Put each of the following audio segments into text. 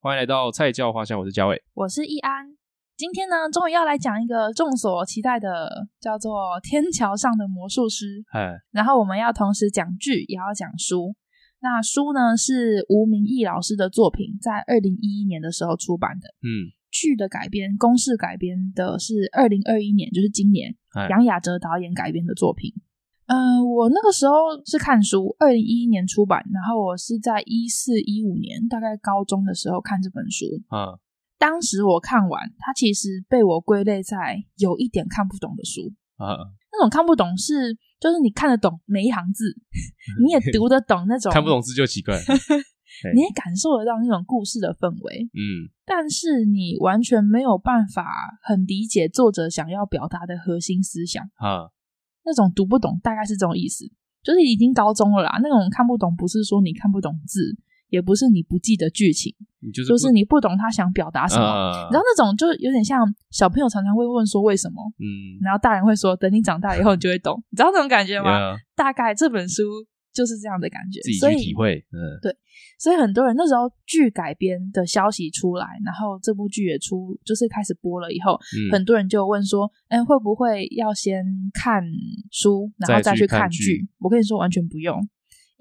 歡迎來到《菜鳥話聲》，我是嘉偉，我是易安。今天呢，終於要來講一個眾所期待的，叫做《天橋上的魔術師》嘿。然後我們要同時講劇，也要講書。那書呢是吳明益老師的作品，在二零一一年的時候出版的。嗯，劇的改編、公視改編的是二零二一年，就是今年楊嘿雅喆導演改編的作品。嗯、呃，我那個時候是看書，二零一一年出版，然後我是在一四一五年，大概高中的時候看這本書。嗯、啊，當時我看完，它其實被我歸類在有一點看不懂的書嗯，啊、那種看不懂是。就是你看得懂每一行字，你也讀得懂那種 看不懂字就奇怪， 你也感受得到那種故事的氛圍，嗯，但是你完全沒有辦法很理解作者想要表達的核心思想啊，那種讀不懂大概是這種意思，就是已經高中了啦，那種看不懂不是說你看不懂字。也不是你不記得劇情，就是你不懂他想表達什麼。你知道那種就是有點像小朋友常常會問說為什麼，嗯，然後大人會說等你長大以後你就會懂，你知道那種感覺嗎？大概這本書就是這樣的感覺，自己去體會。嗯，對，所以很多人那時候劇改編的消息出來，然後這部劇也出，就是開始播了以後，很多人就問說，哎，會不會要先看書然後再去看劇？我跟你說，完全不用。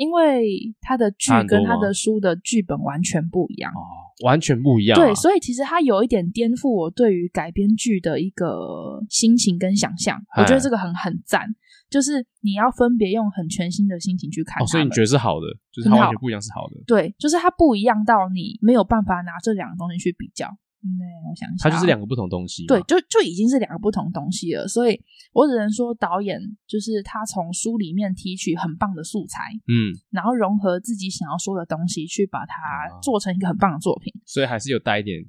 因為他的劇跟他的書的劇本完全不一樣，啊哦、完全不一樣、啊。對，所以其實他有一點顛覆我對於改編劇的一個心情跟想象。哎、呀我覺得這個很很讚，就是你要分別用很全新的心情去看、哦。所以你覺得是好的，就是他完全不一樣是好的。對，就是它不一樣到你沒有辦法拿這兩個東西去比較。嗯，我想想，它就是兩個不同東西。對，就就已經是兩個不同東西了，所以我只能說導演就是他從書裡面提取很棒的素材，嗯，然後融合自己想要說的東西，去把它做成一個很棒的作品、啊。所以還是有帶一點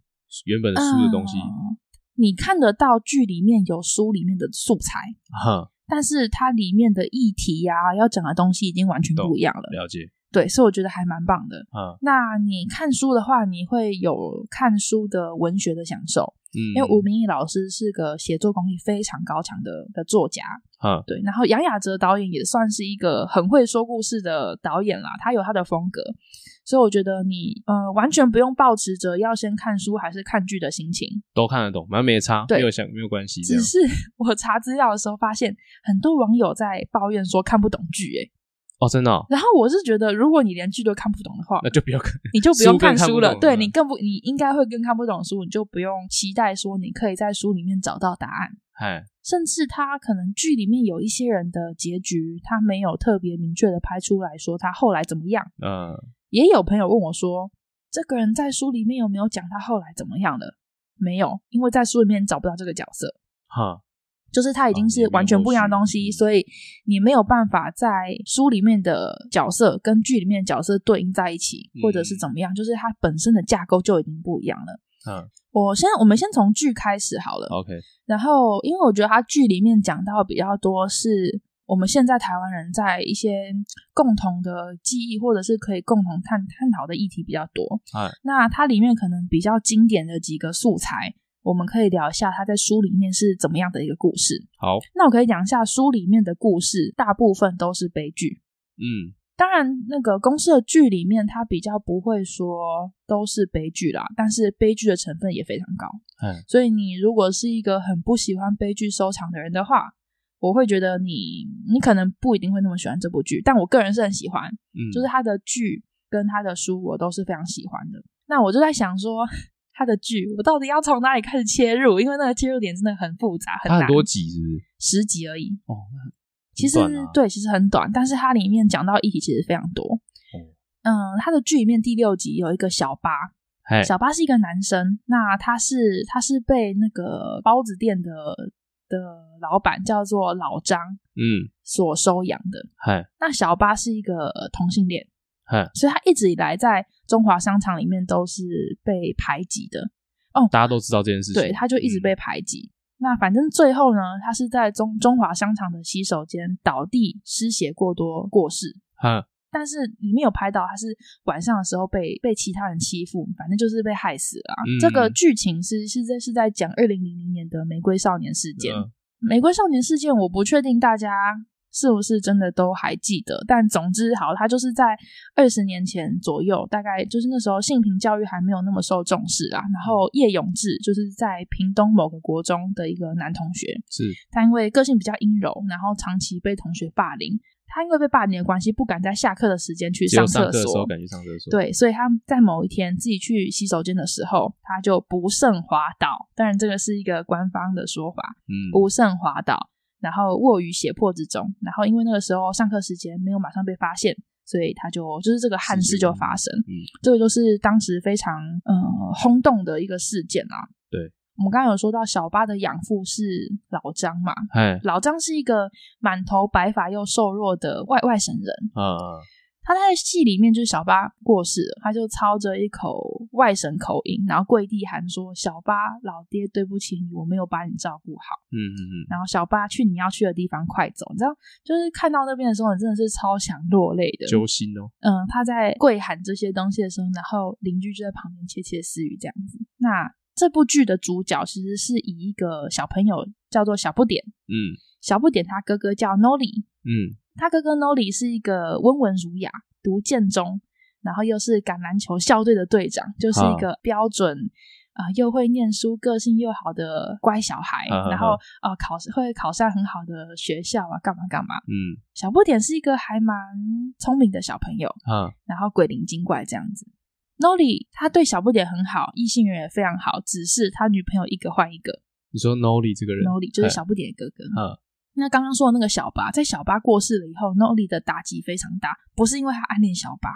原本的書的東西，嗯、你看得到劇裡面有書裡面的素材，哼、嗯，但是它裡面的議題啊，要講的東西已經完全不一樣了，了解。對，所以我覺得還蠻棒的。嗯、啊，那你看書的話，你會有看書的文學的享受。嗯，因為吳明益老師是個寫作功力非常高強的的作家。嗯、啊，對。然後楊雅哲導演也算是一個很會說故事的導演啦，他有他的風格。所以我覺得你呃，完全不用抱持着要先看書還是看劇的心情，都看得懂，蠻沒差，對沒有想沒有關係。只是我查資料的時候發現，很多網友在抱怨說看不懂劇，欸，哎。真的。然後我是覺得，如果你連劇都看不懂的話，那就不要看，你就不用看書了。對，你更不，你應該會更看不懂的書，你就不用期待說你可以在書裡面找到答案。甚至他可能劇裡面有一些人的結局，他沒有特別明確的拍出來說他後來怎麼樣。嗯，也有朋友問我說，這個人在書裡面有沒有講他後來怎麼樣的？沒有，因為在書裡面找不到這個角色。哈。就是它已經是完全不一樣的東西，啊、所以你沒有辦法在書裡面的角色跟劇裡面的角色對應在一起，嗯、或者是怎麼樣。就是它本身的架構就已經不一樣了。嗯、啊，我先我們先從劇開始好了。啊、OK，然後因為我覺得它劇裡面講到比較多是我們現在台灣人在一些共同的記憶，或者是可以共同探探討的議題比較多。啊，那它裡面可能比較經典的幾個素材。我們可以聊一下他在書裡面是怎麼樣的一個故事。好，那我可以講一下書裡面的故事，大部分都是悲劇。嗯，當然，那個公視的劇裡面他比較不會說都是悲劇啦，但是悲劇的成分也非常高。嗯，所以你如果是一個很不喜歡悲劇收場的人的話，我會覺得你你可能不一定會那麼喜歡這部劇。但我個人是很喜歡，嗯，就是他的劇跟他的書我都是非常喜歡的。那我就在想說。他的劇，我到底要從哪裡開始切入？因為那個切入點真的很複雜，很難，它很多集是不是？十集而已。哦、啊、其實對，其實很短，但是它裡面講到議題其實非常多。嗯，他的劇裡面第六集有一個小八，嘿小八是一個男生，那他是他是被那個包子店的的老闆叫做老張，嗯，所收養的、嗯。嘿，那小八是一個同性戀。呵所以他一直以來在中華商場裡面都是被排擠的、oh, 大家都知道這件事情，對，他就一直被排擠。嗯、那反正最後呢，他是在中中華商場的洗手間倒地失血過多過世。呵但是裡面有拍到他是晚上的時候被被其他人欺負，反正就是被害死了、啊。嗯、這個劇情是是是在講二零零零年的玫瑰少年事件。嗯、玫瑰少年事件我不確定大家，是不是真的都還記得？但總之好，他就是在二十年前左右，大概就是那時候性平教育還沒有那麼受重視啊。然後葉永誌就是在屏東某個國中的一個男同學，是。他因為個性比較陰柔，然後長期被同學霸凌。他因為被霸凌的關係，不敢在下課的時間去上廁所。不敢去上廁所。對，所以他在某一天自己去洗手間的時候，他就不慎滑倒。當然，這個是一個官方的說法。嗯，不慎滑倒。然後臥於血泊之中，然後因為那個時候上課時間沒有馬上被發現，所以他就就是這個憾事就發生。嗯嗯嗯、這個就是當時非常呃、嗯、轟動的一個事件啊。對，我們剛剛有說到小八的養父是老張嘛？嘿老張是一個滿頭白髮又瘦弱的外外省人，嗯嗯他在戲裡面就是小八過世了，他就操着一口外省口音，然後跪地喊說：“小八老爹，對不起你，我沒有把你照顧好。”嗯嗯嗯。嗯嗯然後小八去你要去的地方，快走！你知道，就是看到那邊的時候，你真的是超想落淚的。揪心哦。嗯，他在跪喊這些東西的時候，然後鄰居就在旁邊竊竊私語這樣子。那這部劇的主角其實是以一個小朋友叫做小不點，嗯，小不點他哥哥叫 Nori，嗯。他哥哥 Noli 是一個溫文儒雅，讀建中，然後又是橄欖球校隊的隊長，就是一個標準啊、呃，又會念書、個性又好的乖小孩。啊、然後啊，啊，啊，考會考上很好的學校啊，幹嘛幹嘛。嗯，小不點是一個還蠻聰明的小朋友，啊、然後鬼靈精怪這樣子。Noli 他對小不點很好，異性緣也非常好，只是他女朋友一個換一個。你說 Noli 這個人，Noli 就是小不點的哥哥，哎啊那剛剛說的那個小八，在小八過世了以後，諾利的打擊非常大。不是因為他暗戀小八，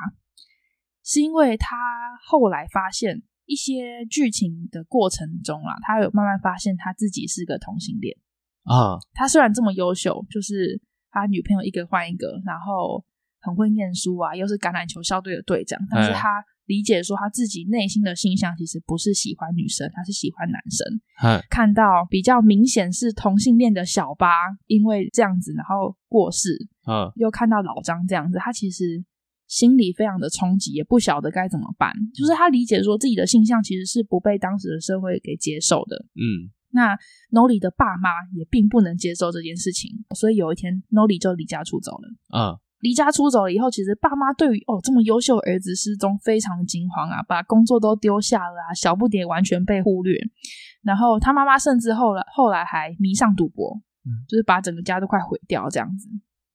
是因為他後來發現一些劇情的過程中啦，他有慢慢發現他自己是個同性戀啊。Uh. 他雖然這麼優秀，就是他女朋友一個換一個，然後。很會念書啊，又是橄欖球校隊的隊長，但是他理解說他自己內心的性向其實不是喜歡女生，他是喜歡男生。 看到比較明顯是同性戀的小巴，因為這樣子然後過世，啊、又看到老張這樣子，他其實心裡非常的衝擊，也不曉得該怎麼辦。就是他理解說自己的性向其實是不被當時的社會給接受的，嗯，那 Noli 的爸媽也並不能接受這件事情，所以有一天 Noli 就離家出走了，啊離家出走了以後，其實爸媽對於哦這麼優秀兒子失蹤非常的驚慌啊，把工作都丟下了啊，小不點完全被忽略，然後他媽媽甚至後來後來還迷上賭博，嗯，就是把整個家都快毀掉這樣子。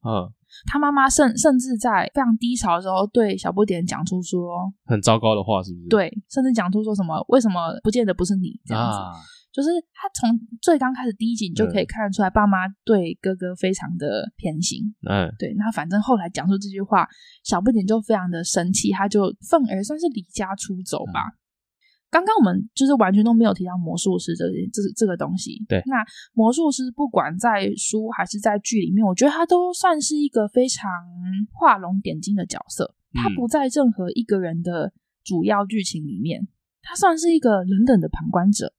嗯，他媽媽甚甚至在非常低潮的時候，對小不點講出說很糟糕的話，是不是？對，甚至講出說什麼為什麼不見得不是你這樣子。啊就是他從最剛開始第一集你就可以看得出來，爸媽對哥哥非常的偏心。嗯，對。那反正後來講出這句話，小不點就非常的生氣，他就憤而算是離家出走吧。剛剛、嗯、我們就是完全都沒有提到魔術師這這這個東西。對。那魔術師不管在書還是在劇裡面，我覺得他都算是一個非常畫龍點睛的角色。嗯、他不在任何一個人的主要劇情裡面，他算是一個冷冷的旁觀者。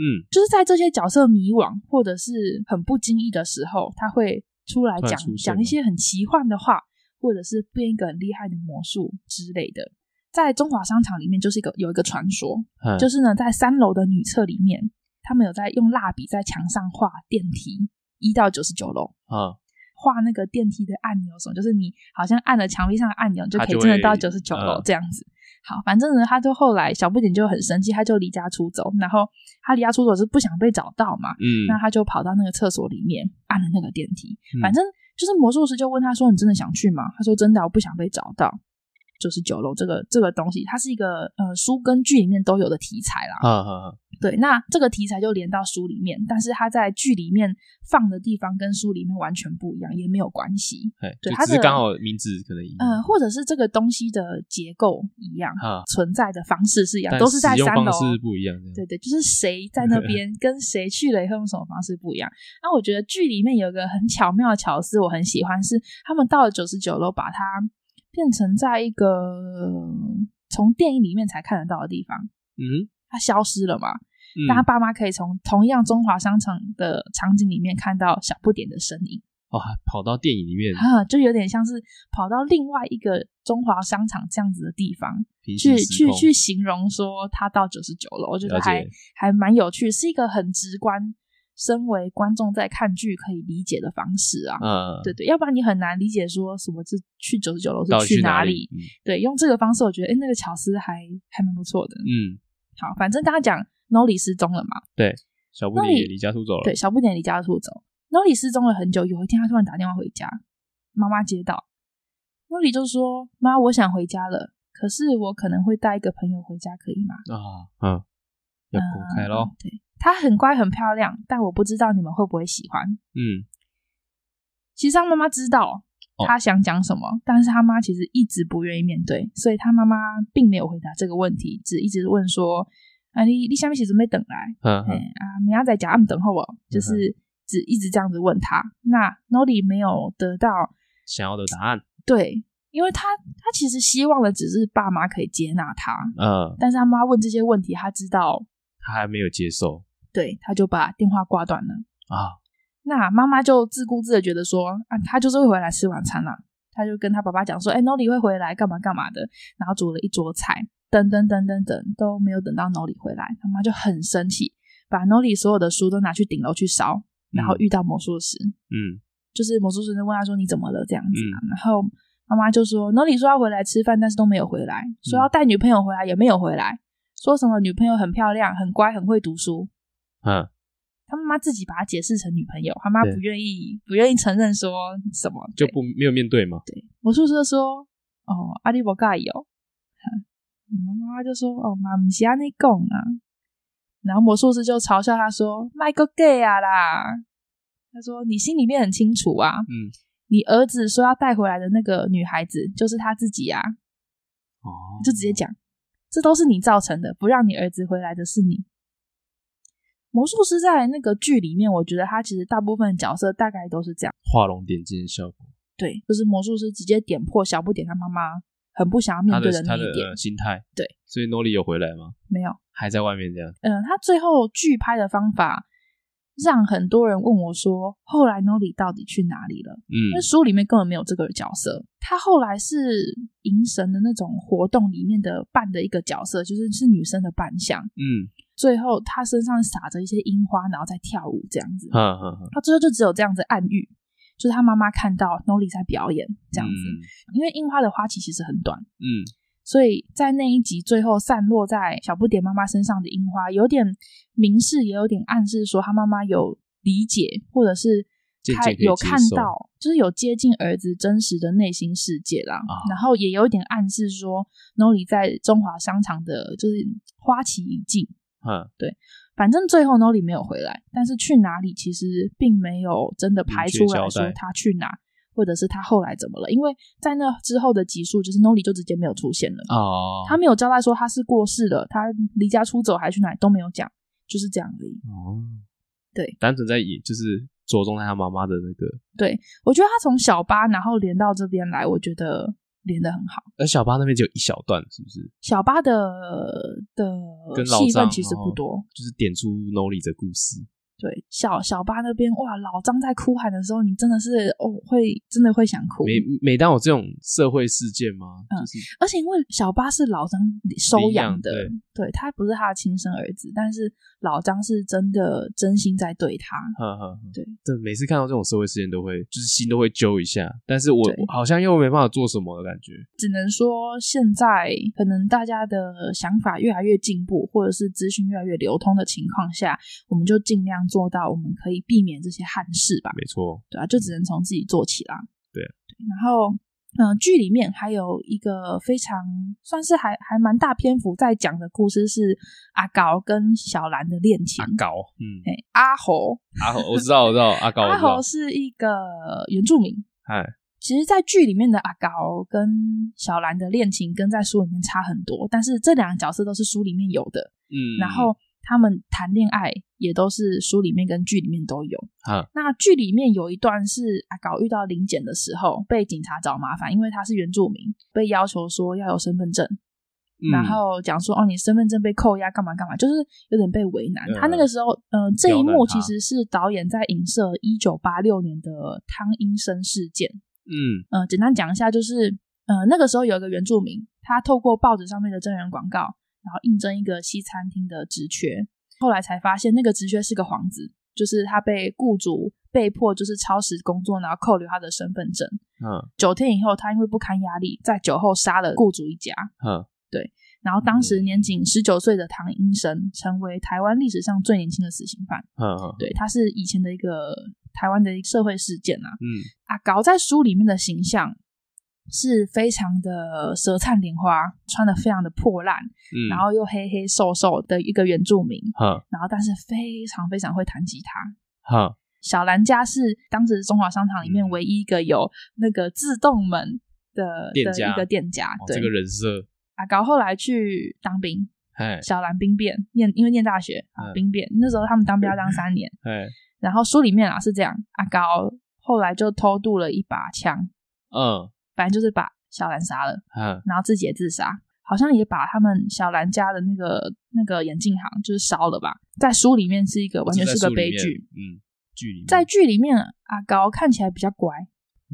嗯，就是在這些角色迷惘或者是很不經意的時候，他會出來講講一些很奇幻的話，或者是變一個很厲害的魔術之類的。在中華商場裡面，就是一個有一個傳說，嗯、就是呢，在三樓的女廁裡面，他們有在用蠟筆在牆上畫電梯一到九十九樓，啊、嗯。畫那個電梯的按鈕，什就是你好像按了牆壁上的按鈕，就，你就可以真的到九十九樓這樣子。嗯好，反正呢，他就後來小不點就很生氣，他就離家出走。然後他離家出走是不想被找到嘛？嗯，那他就跑到那個廁所裡面，按了那個電梯。反正就是魔術師就問他說：“你真的想去嗎？”他說：“真的，我不想被找到。”九十九樓這個這個東西，它是一個呃書跟劇裡面都有的題材啦。啊啊啊、對，那這個題材就連到書裡面，但是它在劇裡面放的地方跟書裡面完全不一樣，也沒有關係。嘿對，它是剛好名字可能一樣。嗯、呃，或者是這個東西的結構一樣，啊、存在的方式是一樣，都是在三樓是不一樣。一樣對，對對，就是誰在那邊 跟誰去了以後用什麼方式不一樣。那我覺得劇裡面有一個很巧妙的巧思，我很喜歡是他們到了九十九樓，把它。變成在一個從電影裡面才看得到的地方，嗯哼，他消失了嘛？嗯、但他爸媽可以從同一樣中華商場的場景裡面看到小不點的身影。哦，跑到電影裡面啊、嗯，就有點像是跑到另外一個中華商場這樣子的地方去去去形容說，他到九十九樓解，我覺得還還蠻有趣，是一個很直觀。身為觀眾在看劇可以理解的方式啊，嗯、對對，要不然你很難理解說什麼是去九十九樓是去哪裡？哪裡嗯、對，用這個方式我覺得，哎，那個巧思還還蠻不錯的，嗯，好，反正大家講諾里失蹤了嘛，對，小不點也離家出走了，對，小不點也離家出走，諾里失蹤了很久，有一天他突然打電話回家，媽媽接到諾里就說：“媽，我想回家了，可是我可能會帶一個朋友回家，可以嗎？”啊、哦，嗯。要公開咯、呃，對，他很乖，很漂亮，但我不知道你們會不會喜歡。嗯，其實他媽媽知道他想講什麼，哦、但是他媽其實一直不願意面對，所以他媽媽並沒有回答這個問題，嗯、只一直問說：“啊，你你什麼時候準備回來？嗯呵、欸，啊，你要在家等候我？就是只一直這樣子問他。那諾里沒有得到想要的答案，對，因為他他其實希望的只是爸媽可以接納他。嗯，但是他媽問這些問題，他知道。他還沒有接受，對，他就把電話掛斷了啊。哦、那媽媽就自顧自的覺得說啊，他就是會回來吃晚餐啦。他就跟他爸爸講說，哎、欸，諾里會回來幹嘛幹嘛的，然後煮了一桌菜，等等等等等，都沒有等到諾里回來。他媽就很生氣，把諾里所有的書都拿去頂樓去燒。然後遇到魔術師，嗯，就是魔術師就問他說，你怎麼了這樣子啊？嗯、然後媽媽就說諾里說要回來吃飯，但是都沒有回來，說要帶女朋友回來也沒有回來。說什麼女朋友很漂亮、很乖、很會讀書。嗯、啊，他媽媽自己把他解釋成女朋友，他媽不願意，對不願意承認說什麼，就不沒有面對嗎？對。魔術師說：“哦，阿里伯蓋有。”他媽媽就說：“哦，媽咪西亞內啊。啊媽媽哦啊”然後魔術師就嘲笑他說：“賣個 gay 啊啦！”他說：“你心裡面很清楚啊，嗯，你兒子說要帶回來的那個女孩子就是他自己啊。啊”哦，就直接講。這都是你造成的，不讓你兒子回來的是你。魔術師在那個劇裡面，我覺得他其實大部分的角色大概都是這樣，畫龍點睛的效果。對，就是魔術師直接點破小不點他媽媽很不想要面對的那一點，呃，心態。對，所以諾莉有回來嗎？沒有，還在外面這樣。嗯，呃，他最後劇拍的方法，讓很多人問我說：“後來 Nori 到底去哪裡了？”嗯，因為書裡面根本沒有這個角色。他後來是迎神的那種活動裡面的扮的一個角色，就是是女生的扮相。嗯，最後他身上撒着一些櫻花，然後再跳舞這樣子。他最後就只有這樣子暗喻，就是他媽媽看到 Nori 在表演這樣子，嗯、因為櫻花的花期其實很短。嗯。所以在那一集最後散落在小不點媽媽身上的櫻花，有點明示，也有點暗示，說他媽媽有理解，或者是他有看到，就是有接近兒子真實的內心世界啦。啊、然後也有點暗示說 Noli 在中華商場的，就是花期已盡。嗯，對，反正最後 Noli 沒有回來，但是去哪裡其實並沒有真的拍出來說他去哪。或者是他後來怎麼了？因為在那之後的集數，就是 Noily 就直接沒有出現了。哦，他沒有交代說他是過世了，他離家出走還是去哪裡都沒有講，就是這樣而已。哦，對，單純在以就是着重在他媽媽的那個。對，我覺得他從小巴然後連到這邊來，我覺得連得很好。而小巴那邊只有一小段，是不是？小巴的的戲份其實不多，哦、就是點出 Noily 的故事。對，小小巴那邊哇，老張在哭喊的時候，你真的是哦，會真的會想哭。每每當有這種社會事件嗎？就是、嗯，而且因為小巴是老張收養的，對，對他不是他的親生兒子，但是。老張是真的真心在對他，嗯嗯、對，對，每次看到這種社會事件，都會就是心都會揪一下，但是我，對我好像又沒辦法做什麼的感覺。只能說現在可能大家的想法越來越進步，或者是資訊越來越流通的情況下，我們就盡量做到我們可以避免這些憾事吧。沒錯錯，對啊，就只能從自己做起啦。嗯、對,對，然後。嗯，劇裡面還有一個非常算是還還蠻大篇幅在講的故事是阿高跟小蘭的戀情。阿高，嗯，欸，阿猴，阿猴，我知道，我知道，阿高。阿猴是一個原住民。哎嘿，其實，在劇裡面的阿高跟小蘭的戀情跟在書裡面差很多，但是這兩個角色都是書裡面有的。嗯，然後。他們談戀愛也都是書裡面跟劇裡面都有。啊，那劇裡面有一段是啊搞遇到臨檢的時候，被警察找麻煩，因為他是原住民，被要求說要有身份證，嗯、然後講說哦，你身份證被扣押，幹嘛幹嘛，就是有點被為難。嗯、他那個時候，嗯、呃、這一幕其實是導演在影射一九八六年的湯英伸事件。嗯，呃，簡單講一下，就是呃，那個時候有一個原住民，他透過報紙上面的徵人廣告，然後應徵一個西餐廳的職缺，後來才發現那個職缺是個幌子，就是他被僱主被迫就是超時工作，然後扣留他的身份證。嗯，九天以後，他因為不堪壓力，在酒後殺了僱主一家。嗯，對。然後當時年僅十九歲的湯英伸，成為台灣歷史上最年輕的死刑犯。嗯，嗯，對，他是以前的一個台灣的一個社會事件啊。嗯，啊搞在書裡面的形象。是非常的舌燦蓮花，穿得非常的破爛，然後又黑黑瘦瘦的一個原住民，然後但是非常非常會彈吉他，小蘭家是當時中華商場裡面唯一一個有那個自動門的的一個店家，對，這個人設，阿高後來去當兵，小蘭兵變，念，因為念大學，兵變，那時候他們當兵要當三年，然後書裡面啊是這樣，阿高後來就偷渡了一把槍，嗯。反正就是把小蘭殺了，嗯，然後自己也自殺，嗯、好像也把他們小蘭家的那個那個眼鏡行就是燒了吧。在書裡面是一個完全是個悲劇，嗯，劇裡面在劇裡面，阿高看起來比較乖，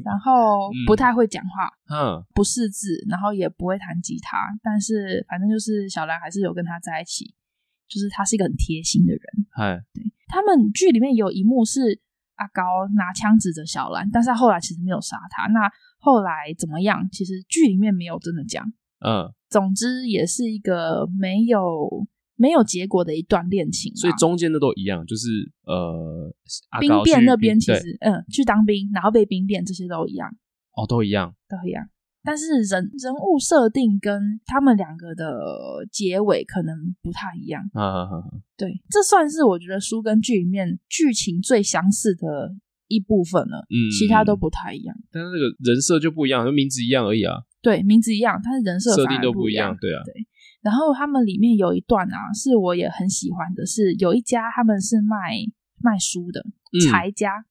然後不太會講話，嗯，不識字，然後也不會彈吉他，嗯嗯、但是反正就是小蘭還是有跟他在一起，就是他是一個很貼心的人。哎、嗯，對，他們劇裡面有一幕是阿高拿槍指着小蘭，但是他後來其實沒有殺他。那後來怎麼樣？其實劇裡面沒有真的講。嗯，總之也是一個沒有沒有結果的一段戀情。所以中間的都一樣，就是呃，阿兵變那邊其實對嗯，去當兵，然後被兵變，這些都一樣。哦，都一樣，都一樣。但是人人物設定跟他們兩個的結尾可能不太一樣。嗯、啊啊啊啊，對，這算是我覺得書跟劇裡面劇情最相似的。一部分了，其他都不太一樣。嗯、但是那個人設就不一樣，就名字一樣而已啊。對，名字一樣，但是人設設定都不一樣。對啊。對。然後他們裡面有一段啊，是我也很喜歡的是，是有一家他們是賣賣書的，柴家。嗯、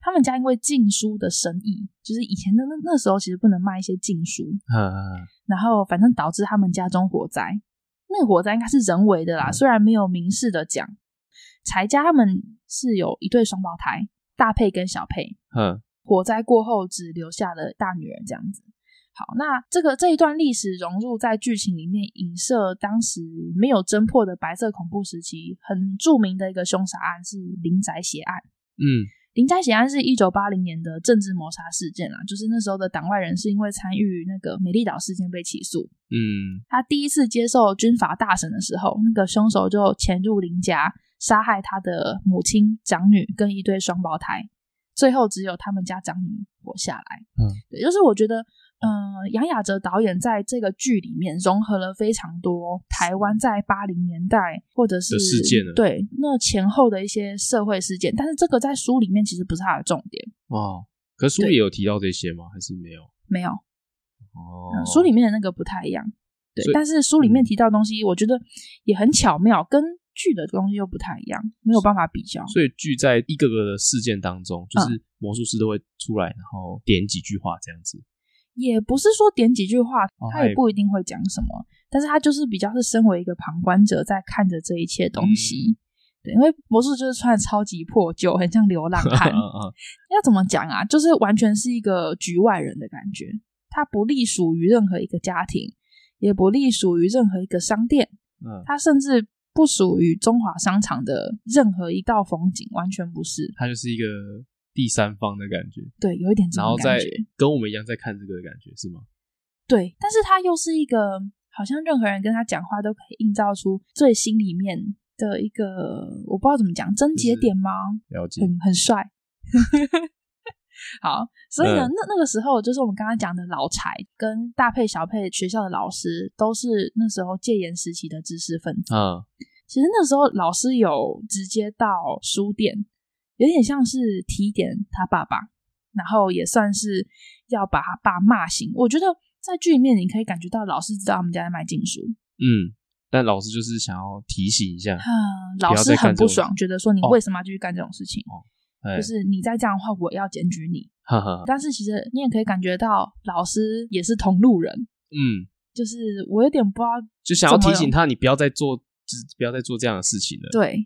他們家因為禁書的生意，就是以前的那那時候其實不能賣一些禁書，啊啊啊然後反正導致他們家中火災。那個、火災應該是人為的啦，嗯、雖然沒有明示的講。柴家他們是有一對雙胞胎。大佩跟小佩，嗯呵，火災過後只留下了大女兒，這樣子。好，那這個這一段歷史融入在劇情裡面，影射當時沒有偵破的白色恐怖時期很著名的一個兇殺案是林宅血案。嗯，林宅血案是一九八零年的政治謀殺事件啦，就是那時候的黨外人士因為參與那個美麗島事件被起訴。嗯，他第一次接受軍法大審的時候，那個兇手就潛入林家，殺害他的母親、長女跟一對雙胞胎，最後只有他們家長女活下來。嗯，對，就是我覺得，嗯、呃，楊雅喆導演在這個劇裡面融合了非常多台灣在八零年代或者是的事件，對，那前後的一些社會事件，但是這個在書裡面其實不是他的重點哦。可書裡有提到這些嗎？對還是沒有？沒有。哦、嗯，書裡面的那個不太一樣。對，以但是書裡面提到的東西，我覺得也很巧妙，嗯、跟。劇的東西又不太一樣，沒有辦法比較。所以劇在一個個的事件當中，就是魔術師都會出來，然後點幾句話這樣子。也不是說點幾句話，哦、他也不一定會講什麼，哎、但是他就是比較是身為一個旁觀者，在看着這一切東西。嗯、對，因為魔術師就是穿的超級破舊，很像流浪漢。嗯嗯，要怎麼講啊？就是完全是一個局外人的感覺。他不隸屬於任何一個家庭，也不隸屬於任何一個商店。嗯，他甚至。不屬於中華商場的任何一道風景，完全不是。它就是一個第三方的感覺，對，有一點。然後在跟我們一樣在看這個的感覺，是嗎？對，但是他又是一個，好像任何人跟他講話都可以映照出最心裡面的一個，我不知道怎麼講，癥結點嗎？了解，嗯、很很帥。 好，所以呢，嗯、那那個時候就是我們剛剛講的老柴跟大配小配學校的老師，都是那時候戒嚴時期的知識分子。嗯，其實那時候老師有直接到書店，有點像是提點他爸爸，然後也算是要把他爸罵醒。我覺得在劇裡面你可以感覺到老師知道他們家在賣禁書，嗯，但老師就是想要提醒一下，嗯、老師很不爽，覺得說你為什麼要繼續幹這種事情。哦哦就是你再這樣的話，我要檢舉你。哈哈，但是其實你也可以感覺到，老師也是同路人。嗯，就是我有點不知道，就想要提醒他，你不要再做，就是、不要再做這樣的事情了。對，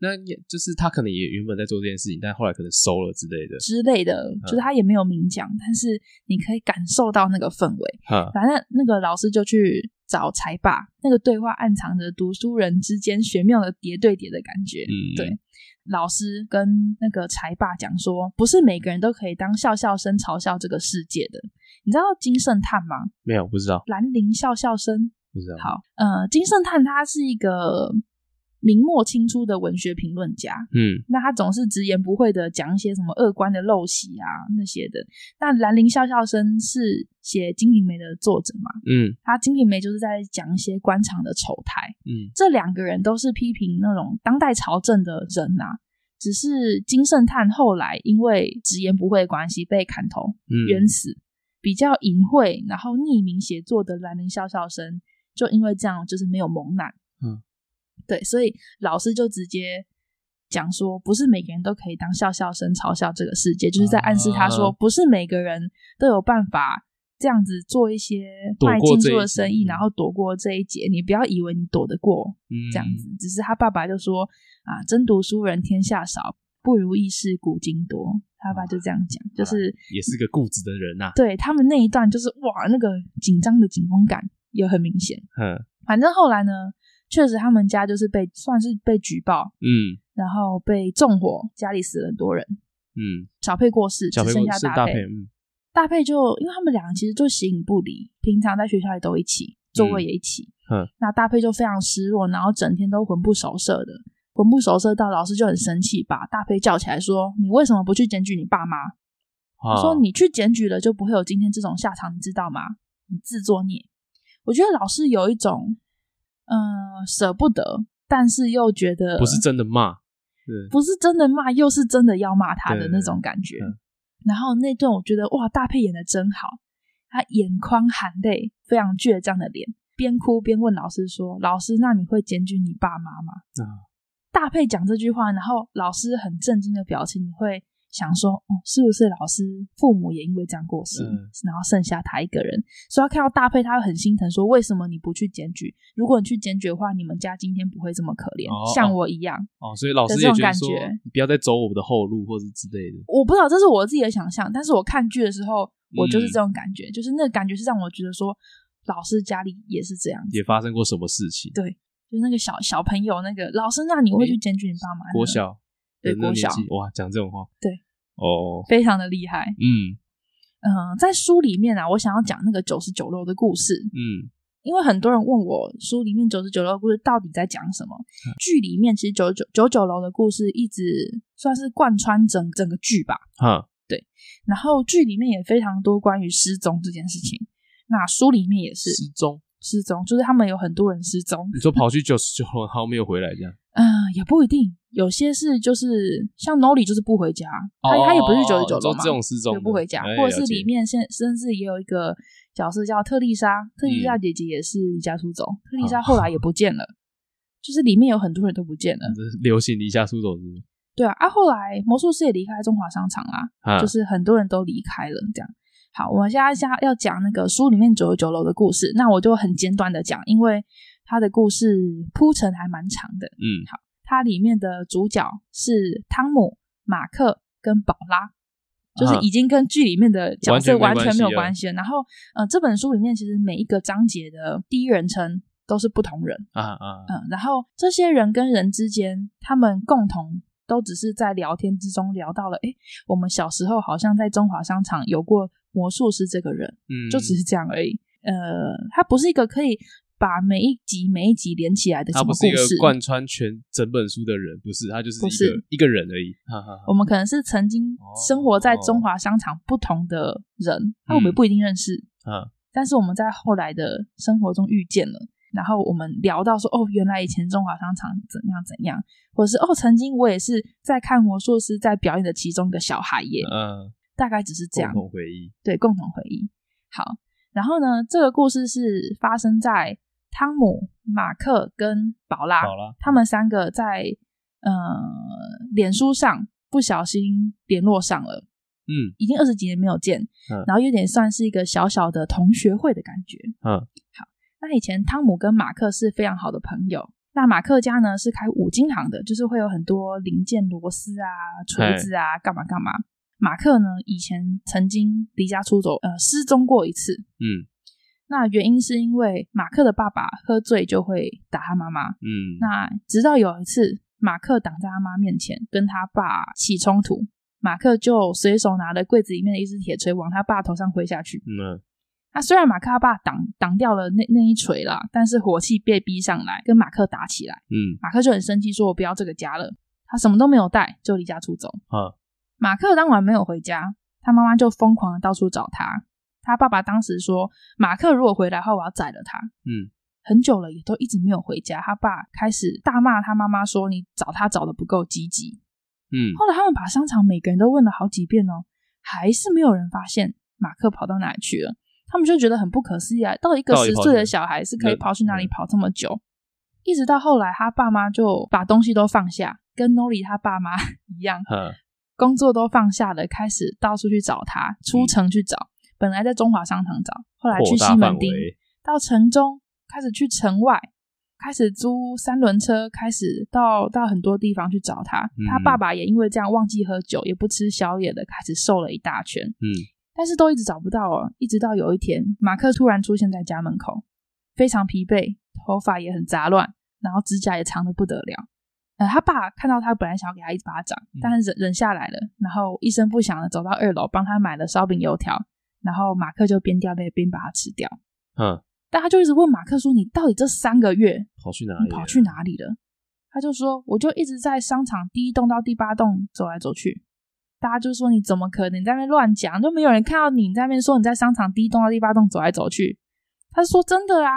那也就是他可能也原本在做這件事情，但後來可能收了之類的之類的，啊、就是他也沒有明講，但是你可以感受到那個氛圍。啊、反正那個老師就去找財霸，那個對話暗藏着讀書人之間玄妙的諜對諜的感覺。嗯、對。老師跟那個財霸講說，不是每個人都可以當笑笑生嘲笑這個世界的。你知道金聖歎嗎？沒有，不知道。蘭陵笑笑生，不知道。好，呃，金聖歎他是一個。明末清初的文學評論家，嗯，那他總是直言不諱的講一些什麼惡官的陋習啊那些的。那蘭陵笑笑生是寫《金瓶梅》的作者嘛，嗯，他《金瓶梅》就是在講一些官場的醜態，嗯，這兩個人都是批評那種當代朝政的人吶、啊。只是金聖嘆後來因為直言不諱的關係被砍頭冤死，嗯、原始比較隱晦，然後匿名寫作的蘭陵笑笑生就因為這樣就是沒有蒙難。對，所以老師就直接講說，不是每個人都可以當笑笑生嘲笑這個世界，就是在暗示他說，不是每個人都有辦法這樣子做一些賣金珠的生意，然後躲過這一劫、嗯。你不要以為你躲得過，嗯、這樣子。只是他爸爸就說：“啊，真讀書人天下少，不如意事古今多。”他爸爸就這樣講，就是、啊、也是個固執的人吶、啊。對，他們那一段就是哇，那個緊張的緊繃感也很明顯。嗯、反正後來呢。確實，他們家就是被算是被舉報，嗯，然後被縱火，家裡死了很多人，嗯，小佩過世，只剩下大佩，嗯、大佩就因為他們兩個其實就形影不離，平常在學校也都一起，座位也一起，嗯、那大佩就非常失落，然後整天都魂不守舍的，魂不守舍到老師就很生氣，把大佩叫起來說：“你為什麼不去檢舉你爸媽？哦、說你去檢舉了就不會有今天這種下場，你知道嗎？你自作孽。”我覺得老師有一種。嗯，捨不得，但是又覺得不是真的罵，不是真的罵，又是真的要罵他的那種感覺。然後那段我覺得哇，大珮演得真好，他眼眶含淚，非常倔強的臉，邊哭邊問老師說：“老師，那你會檢舉你爸媽嗎？”嗯、大珮講這句話，然後老師很震驚的表情，你會。想說哦、嗯，是不是老師父母也因為這樣過世，是然後剩下他一個人，所以他看到大配他會很心疼，說，為什麼你不去檢舉？如果你去檢舉的話，你們家今天不會這麼可憐，哦、像我一樣哦、哦。所以老師這種感覺，不要再走我們的後路或者之類的。我不知道這是我自己的想象，但是我看劇的時候，我就是這種感覺，嗯、就是那個感覺是讓我覺得說，老師家裡也是這樣子，也發生過什麼事情？對，就是那個小小朋友，那個老師，那你會去檢舉你爸媽？國小。對郭曉哇，講這種話，對哦，非常的厲害。嗯嗯，在書裡面啊，我想要講那個九十九樓的故事。嗯，因為很多人問我書裡面九十九樓的故事到底在講什麼。劇裡面其實九九九九樓的故事一直算是貫穿整整個劇吧。哈。對。然後劇裡面也非常多關於失蹤這件事情。那書裡面也是失蹤，失蹤，就是他們有很多人失蹤。你說跑去九十九樓，沒有回來這樣？嗯，也不一定，有些、就是，就是像 Nori 就是不回家，他他、哦、也不是九十九樓嘛，就、哦、不回家，或者是裡面現甚至也有一個角色叫特麗莎，嗯、特麗莎姐姐也是離家出走，嗯、特麗莎後來也不見了，啊、就是裡面有很多人都不見了，流行離家出走是嗎？對啊，啊後來魔術師也離開中華商場啦、啊，啊、就是很多人都離開了，這樣。好，我們現在先要講那個書裡面九十九樓的故事，那我就很簡短的講，因為。他的故事鋪陳還蠻長的，嗯，好，它裡面的主角是湯姆、馬克跟寶拉，啊、哈就是已經跟劇裡面的角色完全沒有關係了。完全沒關係哦、然後，呃，這本書裡面其實每一個章節的第一人稱都是不同人啊哈啊哈，嗯、呃，然後這些人跟人之間，他們共同都只是在聊天之中聊到了，哎、欸，我們小時候好像在中華商場有過魔術師這個人，嗯，就只是這樣而已。呃，他不是一個可以。把每一集、每一集連起來的什麼故事，貫穿全整本書的人不是他，就是一個不是一個人而已。哈哈哈哈，我們可能是曾經生活在中華商場不同的人，那、哦、我們不一定認識。嗯，啊、但是我們在後來的生活中遇見了，然後我們聊到說哦，原來以前中華商場怎樣怎樣，或者是哦，曾經我也是在看魔術師在表演的其中一個小孩耶。嗯、啊，大概只是這樣。共同回憶。對，共同回憶。好，然後呢，這個故事是發生在。湯姆、馬克跟寶拉，寶拉他們三個在呃，臉書上不小心聯絡上了。嗯，已經二十幾年沒有見，嗯，然後有點算是一個小小的同學會的感覺。嗯，好，那以前湯姆跟馬克是非常好的朋友。嗯、那馬克家呢是開五金行的，就是會有很多零件、螺絲啊、錘子啊，嘿幹嘛幹嘛。馬克呢以前曾經離家出走，呃，失蹤過一次。嗯。那原因是因為馬克的爸爸喝醉就會打他媽媽。嗯，那直到有一次，馬克擋在他媽面前跟他爸起衝突，馬克就隨手拿了櫃子裡面的一支鐵錘往他爸頭上揮下去。嗯，那雖然馬克他爸擋擋掉了那那一錘啦，但是火氣被逼上來，跟馬克打起來。嗯，馬克就很生氣，說我不要這個家了。他什麼都沒有帶，就離家出走。啊，馬克當晚沒有回家，他媽媽就瘋狂的到處找他。他爸爸當時說：“馬克如果回來的話，我要宰了他。”嗯，很久了，也都一直沒有回家。他爸開始大罵他媽媽說：“你找他找的不夠積極。”嗯，後來他們把商場每個人都問了好幾遍哦，還是沒有人發現馬克跑到哪裡去了。他們就覺得很不可思議啊！到一個十歲的小孩是可以跑去哪裡跑這麼久？一,一直到後來，他爸媽就把東西都放下，跟諾 y 他爸媽一樣，呵工作都放下了，開始到處去找他，出城去找。嗯。本來在中華商場找，後來去西門町，到城中，開始去城外，開始租三輪車，開始到到很多地方去找他。嗯、他爸爸也因為這樣忘記喝酒，也不吃宵夜的，開始瘦了一大圈。嗯，但是都一直找不到哦。一直到有一天，馬克突然出現在家門口，非常疲憊，頭髮也很雜亂，然後指甲也長得不得了。呃，他爸看到他，本來想要給他一巴掌，嗯、但是忍忍下來了，然後一聲不響地走到二樓，幫他買了燒餅油條。然後馬克就邊掉淚邊把它吃掉，嗯，但他就一直問馬克說：“你到底這三個月跑去哪裡了？跑去哪裡了？”他就說：“我就一直在商場第一棟到第八棟走來走去。”大家就說：“你怎麼可能在那邊亂講？就沒有人看到你在那邊說，你在那邊說你在商場第一棟到第八棟走來走去？”他就說：“真的啊。”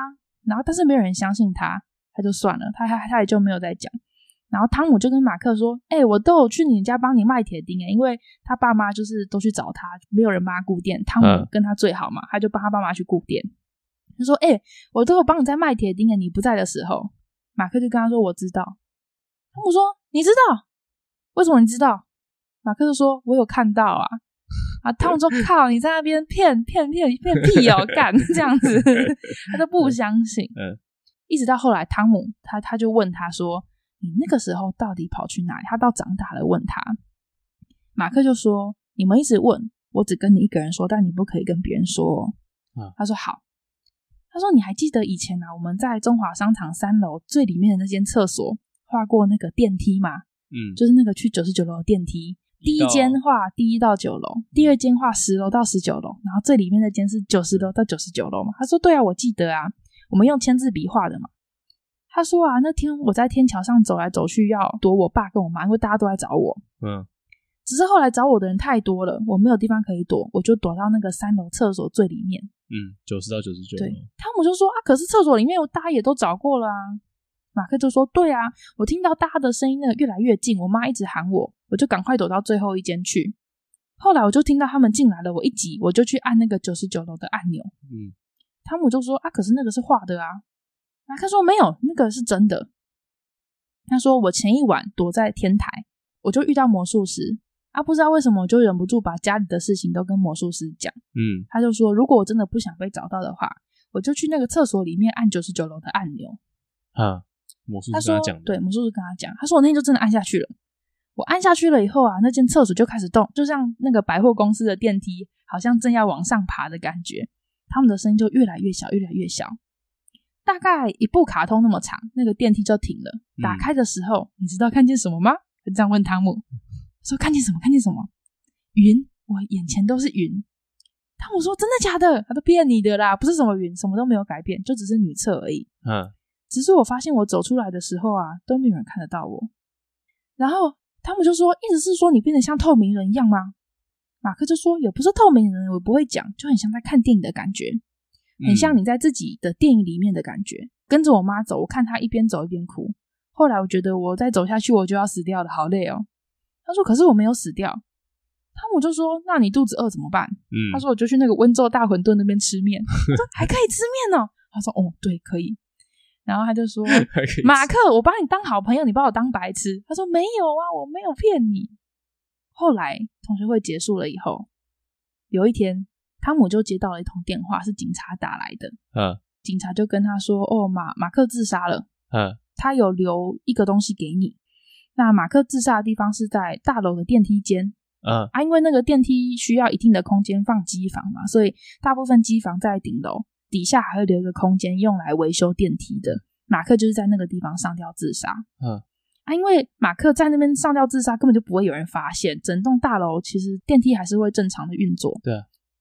然後但是沒有人相信他，他就算了，他他他也就沒有再講。然後湯姆就跟馬克說：“哎、欸，我都有去你家幫你賣鐵釘啊，因為他爸媽就是都去找他，沒有人幫他顧店。湯姆跟他最好嘛，他就幫他爸媽去顧店。他說：‘哎、欸，我都有幫你在賣鐵釘啊。’你不在的時候，馬克就跟他說：‘我知道。’湯姆說：‘你知道？為什麼你知道？’馬克就說：‘我有看到啊。’啊，湯姆說：‘靠，你在那邊騙騙騙騙屁哦，幹這樣子，他都不相信。’一直到後來，湯姆他他就問他說。你那個時候到底跑去哪裡？他到長大了問他，馬克就說：“你們一直問，我只跟你一個人說，但你不可以跟別人說哦。嗯。他說”他說：“好。”他說：“你還記得以前呢，啊？我們在中華商場三樓最裡面的那間廁所畫過那個電梯嗎？嗯，就是那個去九十九樓的電梯，第一間畫第一到九樓，第二間畫十樓到十九樓，然後最裡面那間是九十樓到九十九樓嘛？”他說：“對啊，我記得啊，我們用簽字筆畫的嘛。”他說啊，那天我在天橋上走來走去，要躲我爸跟我媽，因為大家都來找我。嗯，只是後來找我的人太多了，我沒有地方可以躲，我就躲到那個三樓廁所最裡面。嗯，九十到九十九樓。對，湯姆就說啊，可是廁所裡面有大家也都找過了啊。馬克就說，對啊，我聽到大家的聲音呢越來越近，我媽一直喊我，我就趕快躲到最後一間去。後來我就聽到他們進來了，我一擠，我就去按那個九十九樓的按鈕。嗯，湯姆就說啊，可是那個是畫的啊。啊，他說：“沒有，那個是真的。”他說：“我前一晚躲在天台，我就遇到魔術師啊！不知道為什麼，我就忍不住把家裡的事情都跟魔術師講。嗯，他就說：‘如果我真的不想被找到的話，我就去那個廁所裡面按九十九樓的按鈕。’啊，魔術師跟他講他說，對，魔術師跟他講，他說：‘我那天就真的按下去了。’我按下去了以後啊，那間廁所就開始動，就像那個百貨公司的電梯，好像正要往上爬的感覺。他們的聲音就越來越小，越來越小。”大概一部卡通那麼長，那個電梯就停了。打開的時候，嗯、你知道看見什麼嗎？我這樣問湯姆，說看見什麼？看見什麼？雲，我眼前都是雲。湯姆說：“真的假的？他都騙你的啦！不是什麼雲，什麼都沒有改變，就只是女廁而已。”嗯，只是我發現我走出來的時候啊，都沒有人看得到我。然後湯姆就說：“意思是說你變得像透明人一樣嗎？”馬克就說：“也不是透明人，我不會講，就很像在看電影的感覺。”很像你在自己的電影裡面的感覺，嗯、跟着我媽走，我看她一邊走一邊哭。後來我覺得我再走下去我就要死掉了，好累哦。他說：“可是我沒有死掉。”湯姆就說：“那你肚子餓怎麼辦？”嗯，他說：“我就去那個溫州大餛飩那邊吃麵。”說還可以吃面哦。他 說：“哦，對，可以。”然後他就說：“馬克，我把你當好朋友，你把我當白痴。”他說：“沒有啊，我沒有騙你。”後來同學會結束了以後，有一天。湯姆就接到了一通電話，是警察打來的。嗯、啊，警察就跟他說：“哦，馬馬克自殺了。嗯、啊，他有留一個東西給你。那馬克自殺的地方是在大樓的電梯間。嗯啊，啊因為那個電梯需要一定的空間放機房嘛，所以大部分機房在頂樓，底下還會留一個空間用來維修電梯的。馬克就是在那個地方上吊自殺。嗯啊，啊因為馬克在那邊上吊自殺，根本就不會有人發現，整棟大樓其實電梯還是會正常的運作。對。”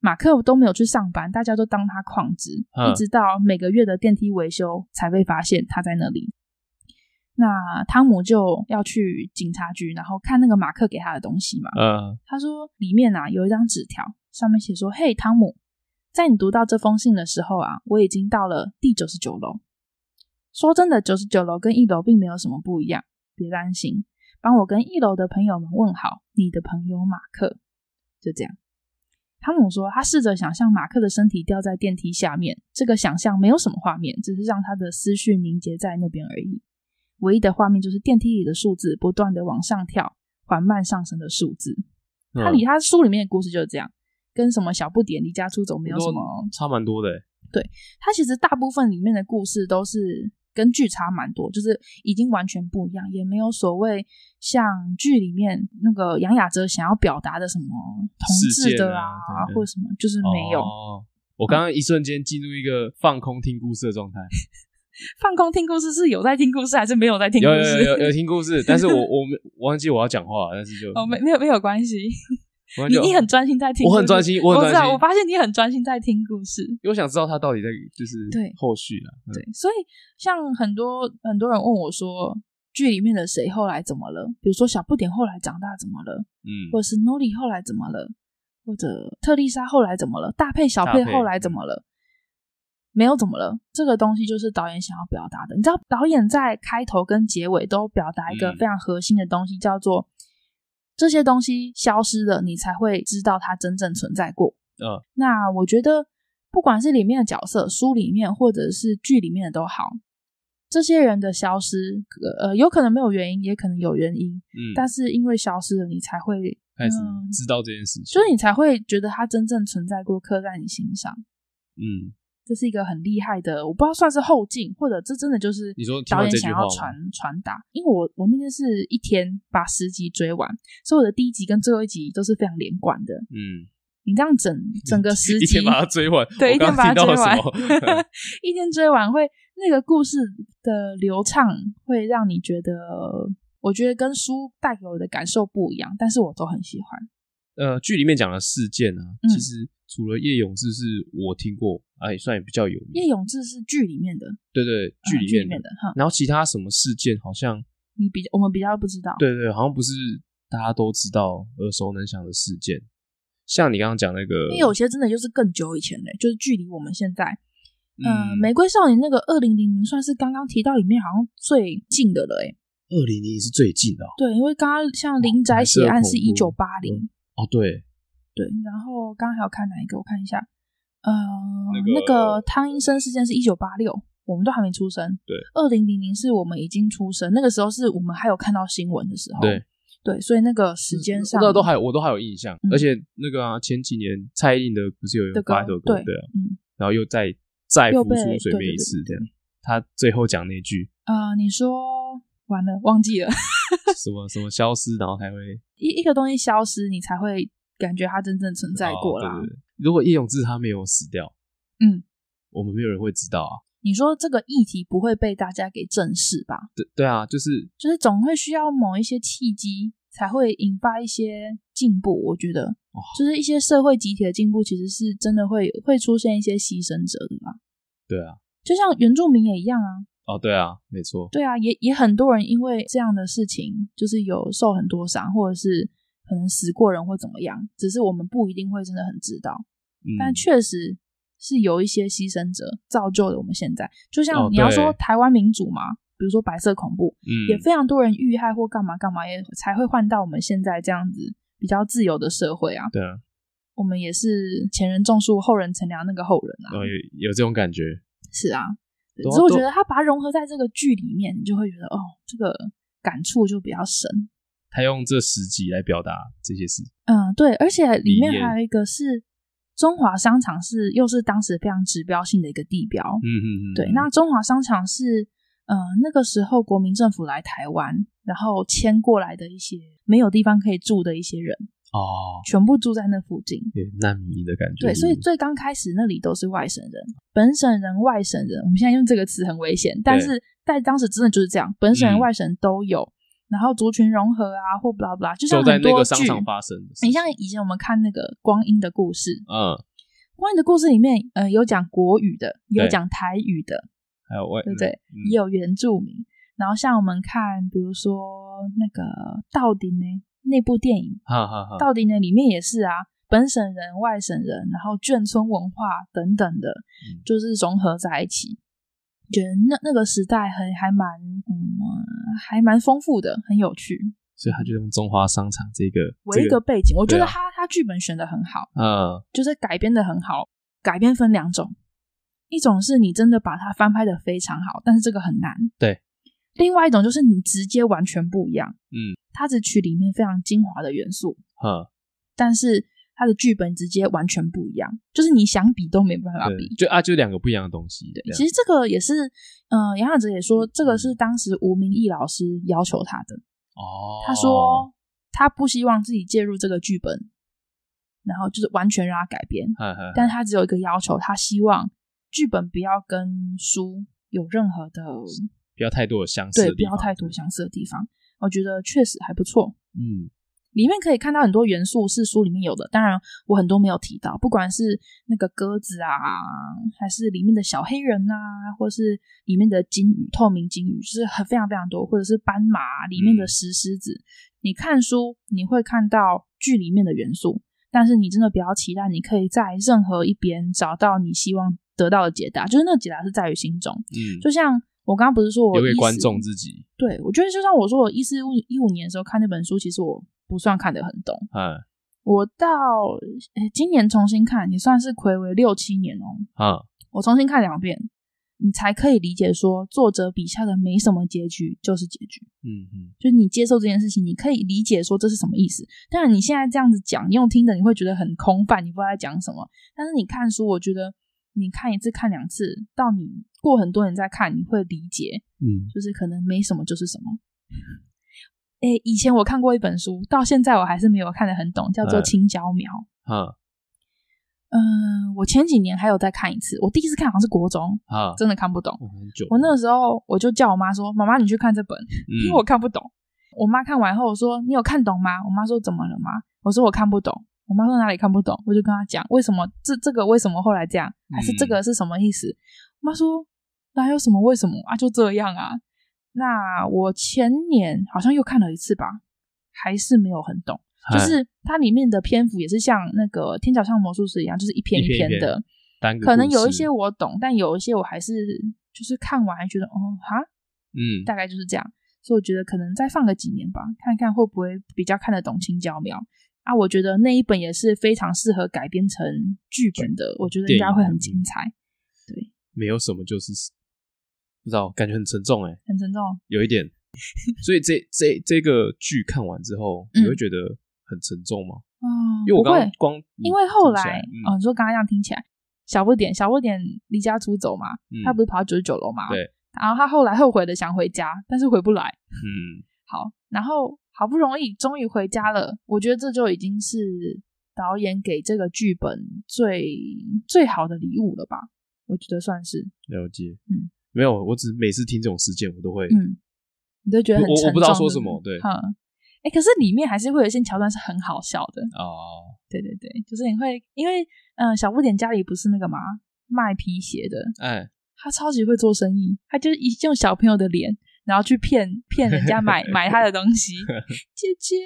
馬克都沒有去上班，大家都當他曠職，嗯、一直到每個月的電梯維修才被發現他在那裡。那湯姆就要去警察局，然後看那個馬克給他的東西嘛。嗯、他說裡面啊有一張紙條，上面寫說：“嘿，湯姆，在你讀到這封信的時候啊，我已經到了第九十九樓。說真的，九十九樓跟一樓並沒有什麼不一樣，別擔心，幫我跟一樓的朋友們問好，你的朋友馬克。”就這樣。他們說：“他試着想象馬克的身體掉在電梯下面，這個想象沒有什麼畫面，只是讓他的思緒凝結在那邊而已。唯一的畫面就是電梯裡的數字不斷的往上跳，緩慢上升的數字。嗯，他裡他書裡面的故事就是這樣，跟什麼小不點離家出走沒有什麼，差蠻多的欸。對，他其實大部分裡面的故事都是。”跟劇差蠻多，就是已經完全不一樣，也沒有所謂像劇裡面那個楊雅喆想要表達的什麼同志的啊，啊對對或者什麼，就是沒有。哦、我剛剛一瞬間進入一個放空聽故事的狀態，嗯、 放空聽故事是有在聽故事，還是沒有在聽故事？有有，有，有聽故事，但是我我，我忘記我要講話，但是就哦，沒沒有，沒有關係。你你很專心在聽故事，我很專心，我很專心，我知道，我發現你很專心在聽故事，因為我想知道他到底在就是對後續了、啊，對，嗯、對，所以像很多很多人問我說劇裡面的誰後來怎麼了，比如說小不點後來長大怎麼了，嗯，或者是諾麗後來怎麼了，或者特麗莎後來怎麼了，大佩小佩後來怎麼了，佩沒有怎麼了，這個東西就是導演想要表達的，你知道導演在開頭跟結尾都表達一個非常核心的東西，嗯、叫做。這些東西消失了，你才會知道它真正存在過。嗯，那我覺得，不管是裡面的角色、書裡面或者是劇裡面的都好，這些人的消失，呃，有可能沒有原因，也可能有原因。嗯，但是因為消失了，你才會、嗯、開始知道這件事情，所以你才會覺得它真正存在過，刻在你心上。嗯。這是一個很厲害的，我不知道算是後勁，或者這真的就是你說導演想要傳傳達。因為我我那天是一天把十集追完，所以我的第一集跟最後一集都是非常連貫的。嗯，你這樣整整個十集一天把它追完，對，剛剛一天把它追完， 一天追完會那個故事的流暢會讓你覺得，我覺得跟書帶給我的感受不一樣，但是我都很喜歡。呃，劇裡面講的事件呢、啊，其實。嗯除了葉永志，是我聽過，哎、啊，也算也比較有名。葉永志是劇裡面的，對，對對，劇裡面的哈。嗯、的然後其他什麼事件，好像你比較，我們比較不知道。對，對對，好像不是大家都知道、耳熟能詳的事件。像你剛剛講那個，因為有些真的就是更久以前的，就是距離我們現在，嗯、呃，玫瑰少年那個二零零零算是剛剛提到裡面好像最近的了，哎，二零零零是最近的、哦。對，因為剛剛像林宅血案是一九八零，哦，對。對，然後剛剛還有看哪一個？我看一下，呃，那個湯英伸事件是一九八六，我們都還沒出生。對，二零零零是我們已經出生，那個時候是我們還有看到新聞的時候。對，對，所以那個時間上，那都還有我都還有印象，嗯、而且那個、啊、前幾年蔡依林的不是有發、這個歌，對，對、啊？嗯、然後又再再浮出水面一次，這樣，他最後講那句啊、呃，你說完了，忘記了 什麼什麼消失，然後才會一一個東西消失，你才會。感覺他真正存在過啦，哦。如果葉永鋕他沒有死掉，嗯，我們沒有人會知道啊。你說這個議題不會被大家給正視吧？對對啊，就是就是總會需要某一些契機才會引發一些進步。我覺得，哦，就是一些社會集體的進步，其實是真的會會出現一些犧牲者的嘛。對啊，就像原住民也一樣啊。哦，對啊，沒錯。對啊，也也很多人因為這樣的事情，就是有受很多傷，或者是。可能死過人或怎麼樣，只是我們不一定會真的很知道，嗯、但確實是有一些犧牲者造就了我們現在。就像你要說台灣民主嘛，哦、比如說白色恐怖，嗯、也非常多人遇害或幹嘛幹嘛，也才會換到我們現在這樣子比較自由的社會啊。對啊，我們也是前人種樹，後人乘涼，那個後人啊，哦、有有這種感覺。是啊，只是我覺得他把它融合在這個劇裡面，你就會覺得哦，這個感觸就比較深。他用這十集來表達這些事情。嗯，對，而且裡面還有一個是言中華商場是，是又是當時非常指標性的一個地標。嗯嗯嗯。對，那中華商場是，呃，那個時候國民政府來台灣，然後遷過來的一些沒有地方可以住的一些人，哦，全部住在那附近，對，難民的感覺。對，所以最剛開始那裡都是外省人，嗯、本省人、外省人，我們現在用這個詞很危險，但是在對當時真的就是這樣，本省人、嗯、外省人都有。然後族群融合啊，或不拉不拉，就像很多商場發生的。你像以前我們看那個《光陰的故事》，嗯，《光陰的故事》裡面，呃，有講國語的，有講台語的，還有外，對，對對。也有原住民。嗯、然後像我們看，比如說那個《到底呢》那部電影，嗯，《到底呢》裡面也是啊，本省人、外省人，然後眷村文化等等的，嗯、就是融合在一起。那那個時代很還還蠻嗯，還蠻豐富的，很有趣。所以他就用中華商場這個，我一個背景。這個、我覺得他、啊、他劇本選的很好，嗯，就是改編的很好。改編分兩種，一種是你真的把它翻拍的非常好，但是這個很難。對。另外一種就是你直接完全不一樣，嗯，它只取裡面非常精華的元素，嗯，但是。他的劇本直接完全不一樣，就是你想比都沒辦法比，就啊，就兩個不一樣的東西。對，這樣。其實這個也是，嗯、呃，楊雅喆也說，這個是當時吳明益老師要求他的。哦，他說他不希望自己介入這個劇本，然後就是完全讓他改編。哈哈哈哈，但他只有一個要求，他希望劇本不要跟書有任何的，不要太多的相似的，對，不要太多相似的地方。我覺得確實還不錯，嗯。裡面可以看到很多元素是書裡面有的，當然我很多沒有提到，不管是那個鴿子啊，還是裡面的小黑人啊，或是裡面的金魚、透明金魚，就是很非常非常多，或者是斑馬裡面的石獅子。嗯、你看書，你會看到劇裡面的元素，但是你真的不要期待你可以在任何一邊找到你希望得到的解答，就是那個解答是在於心中。嗯，就像我剛剛不是說我留給觀眾自己，對，我覺得就像我說我一四一五年的時候看那本書，其實我。不算看得很懂，uh. 我到，欸，今年重新看，你算是睽違六七年哦。Uh. 我重新看兩遍，你才可以理解說作者筆下的沒什麼結局就是結局。嗯嗯、uh，huh. 就是你接受這件事情，你可以理解說這是什麼意思。但你現在這樣子講，用聽的你會覺得很空泛，你不知道在講什麼。但是你看書，我覺得你看一次看兩次，到你過很多年再看，你會理解。嗯，就是可能沒什麼就是什麼。Uh huh. 以前我看過一本書，到現在我還是沒有看得很懂，叫做《青椒苗》呵。嗯，嗯，我前幾年還有再看一次。我第一次看好像是國中，啊呵，真的看不懂。我，我那個時候我就叫我媽說：“媽媽，你去看這本，因為我看不懂。嗯”我媽看完後我說：“你有看懂嗎？”我媽說：“怎麼了嗎？”我說：“我看不懂。”我媽說：“哪裡看不懂？”我就跟她講：“為什麼這這個為什麼後來這樣？還是這個是什麼意思？”媽、嗯、說：“哪有什麼為什麼啊？就這樣啊。”那我前年好像又看了一次吧，還是沒有很懂。哈就是它裡面的篇幅也是像那個《天橋上魔術師》一樣，就是一篇一篇的。一片一片，可能有一些我懂，但有一些我還是就是看完還覺得哦，哈，嗯，大概就是這樣。所以我覺得可能再放個幾年吧，看看會不會比較看得懂《青椒苗》啊。我覺得那一本也是非常適合改編成劇本的，對我覺得應該會很精彩。對，對對沒有什麼就是。不知道，感覺很沉重哎，很沉重，有一點。所以這這這個劇看完之後，你會覺得很沉重嗎？哦因為我剛剛光因為後來啊，你說剛剛這樣聽起來，小不點小不點離家出走嘛，他不是跑到九十九樓嘛，對，然後他後來後悔的想回家，但是回不來，嗯，好，然後好不容易終於回家了，我覺得這就已經是導演給這個劇本最最好的禮物了吧？我覺得算是了解，嗯。沒有，我只每次聽這種事件，我都會，嗯，你都覺得很沉重，我，我不知道說什麼，對，好、嗯，哎，可是裡面還是會有一些橋段是很好笑的哦，對對對，就是你會，因為嗯、呃，小不點家裡不是那個嘛，賣皮鞋的，哎，他超級會做生意，他就一用小朋友的臉，然後去騙騙人家買 買他的東西，姐姐。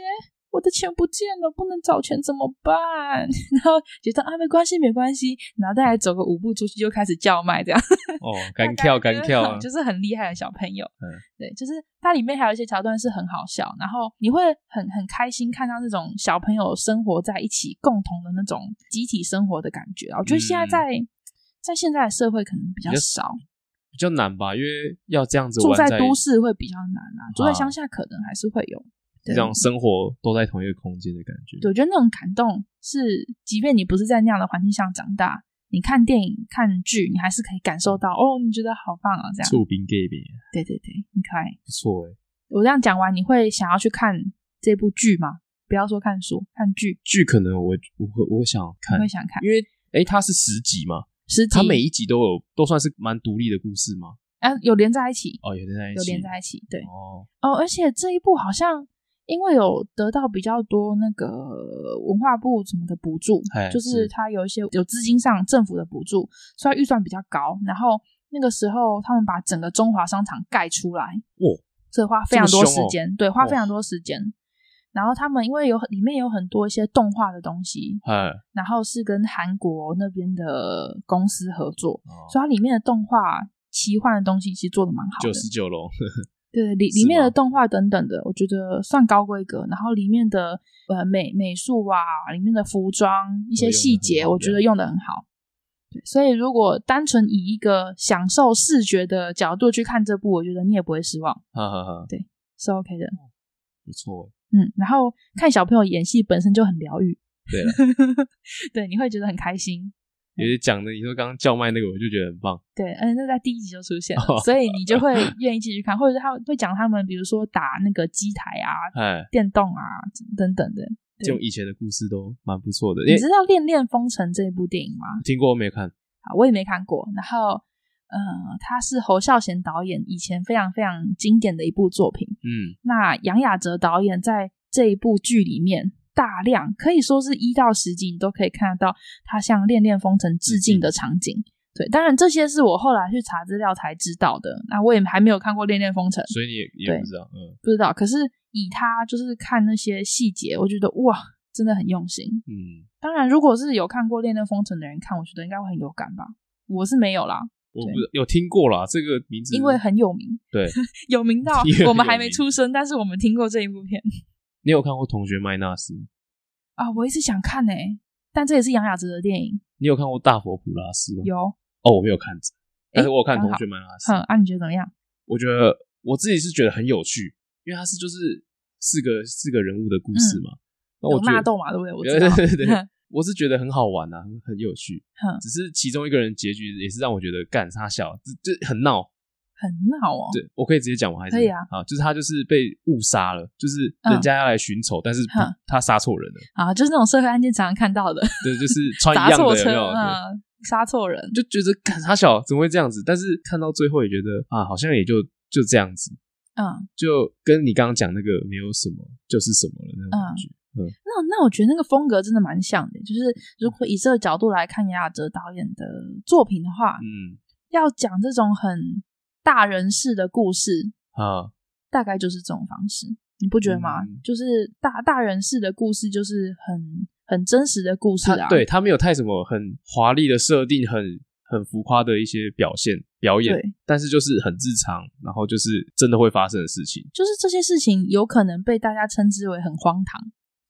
我的錢不見了，不能找錢怎麼辦？ 然後覺得啊，沒關係，沒關係，然後再來走個五步出去，就開始叫賣這樣。哦，敢跳敢跳，就是很厲害的小朋友。嗯、哦，啊、對，就是它裡面還有一些橋段是很好笑，然後你會很很開心看到那種小朋友生活在一起、共同的那種集體生活的感覺啊。嗯、我覺得現在在在現在的社會可能比較少，比較，比較難吧，因為要這樣子玩在住在都市會比較難啊，啊住在鄉下可能還是會有。對這種生活都在同一個空間的感覺，對，我覺得那種感動是，即便你不是在那樣的環境上長大，你看電影、看劇，你還是可以感受到。哦，你覺得好棒啊，這樣。臭兵給餅，對對對，很可愛，不錯哎、欸。我這樣講完，你會想要去看這部劇嗎？不要說看書，看劇。劇可能我我會我,我想看，會想看，因為哎、欸，它是十集嘛，十集，它每一集都有都算是蠻獨立的故事嘛？啊，有連在一起。哦，有連在一起，有連在一起，對。哦哦，而且這一部好像。因為有得到比較多那個文化部什麼的補助，是就是它有一些有資金上政府的補助，所以預算比較高。然後那個時候他們把整個中華商場蓋出來，哇、哦，這花非常多時間，哦、對，花非常多時間。哦、然後他們因為有裡面有很多一些動畫的東西，嘿然後是跟韓國那邊的公司合作，哦、所以它裡面的動畫奇幻的東西其實做的蠻好的。九十九樓。 對，裡裡面的動畫等等的，嗎我覺得算高規格。然後裡面的呃美美術啊，裡面的服裝一些細節，我覺得用得很好對對。所以如果單純以一個享受視覺的角度去看這部，我覺得你也不會失望。哈哈哈哈，對，是 OK 的，不錯。嗯，然後看小朋友演戲本身就很療癒。對了， 對，你會覺得很開心。也是講的，你說剛剛叫賣那個，我就覺得很棒。對，嗯，那在第一集就出現了，oh. 所以你就會願意繼續看。 或者是他會講他們，比如說打那個機台啊，Hey. 電動啊等等的，就以前的故事都蠻不錯的。你知道《戀戀風塵》這部電影嗎？聽過，沒看。啊，我也沒看過。然後，呃、嗯，他是侯孝賢導演以前非常非常經典的一部作品。嗯，那楊雅喆導演在這一部劇裡面，大量可以說是一到十集，你都可以看得到他向《戀戀風塵》致敬的場景。嗯嗯，對，當然這些是我後來去查資料才知道的。那我也還沒有看過《戀戀風塵》，所以你也對也不知道，嗯，不知道。可是以他就是看那些細節，我覺得哇，真的很用心。嗯，當然，如果是有看過《戀戀風塵》的人看，我覺得應該會很有感吧。我是沒有啦，我不對有聽過啦，這個名字，因為很有名，對， 有名到有名我們還沒出生，但是我們聽過這一部片。你有看過《同學麥娜絲》嗎？啊，我一直想看呢、欸，但這也是楊雅喆的電影。你有看過《大佛普拉斯》嗎？有哦，我沒有看，但是我有看《同學麥娜絲》。啊，你覺得怎麼樣？我覺得我自己是覺得很有趣，因為它是就是四個四個人物的故事嘛。嗯、我，納豆嘛？對不對？對我， 我是覺得很好玩吶、啊，很有趣。呵只是其中一個人結局也是讓我覺得幹他笑，就就很鬧。很好哦，對我可以直接講，我還是可以啊啊！就是他就是被誤殺了，就是人家要來尋仇，嗯、但是他殺錯人了啊！就是那種社會案件常常看到的，對，就是穿一樣的有有車啊，殺錯對人，就覺得他小怎麼會這樣子？但是看到最後也覺得啊，好像也就就這樣子，嗯，就跟你剛剛講那個沒有什麼，就是什麼了那種感覺。嗯，嗯那那我覺得那個風格真的蠻像的，就是如果以這個角度來看楊雅喆導演的作品的話，嗯，要講這種很。大人事的故事啊，大概就是這種方式，你不覺得嗎？嗯、就是大大人事的故事，就是很很真實的故事啊。對，他沒有太什麼很華麗的設定，很很浮誇的一些表現表演，對但是就是很日常，然後就是真的會發生的事情。就是這些事情有可能被大家稱之為很荒唐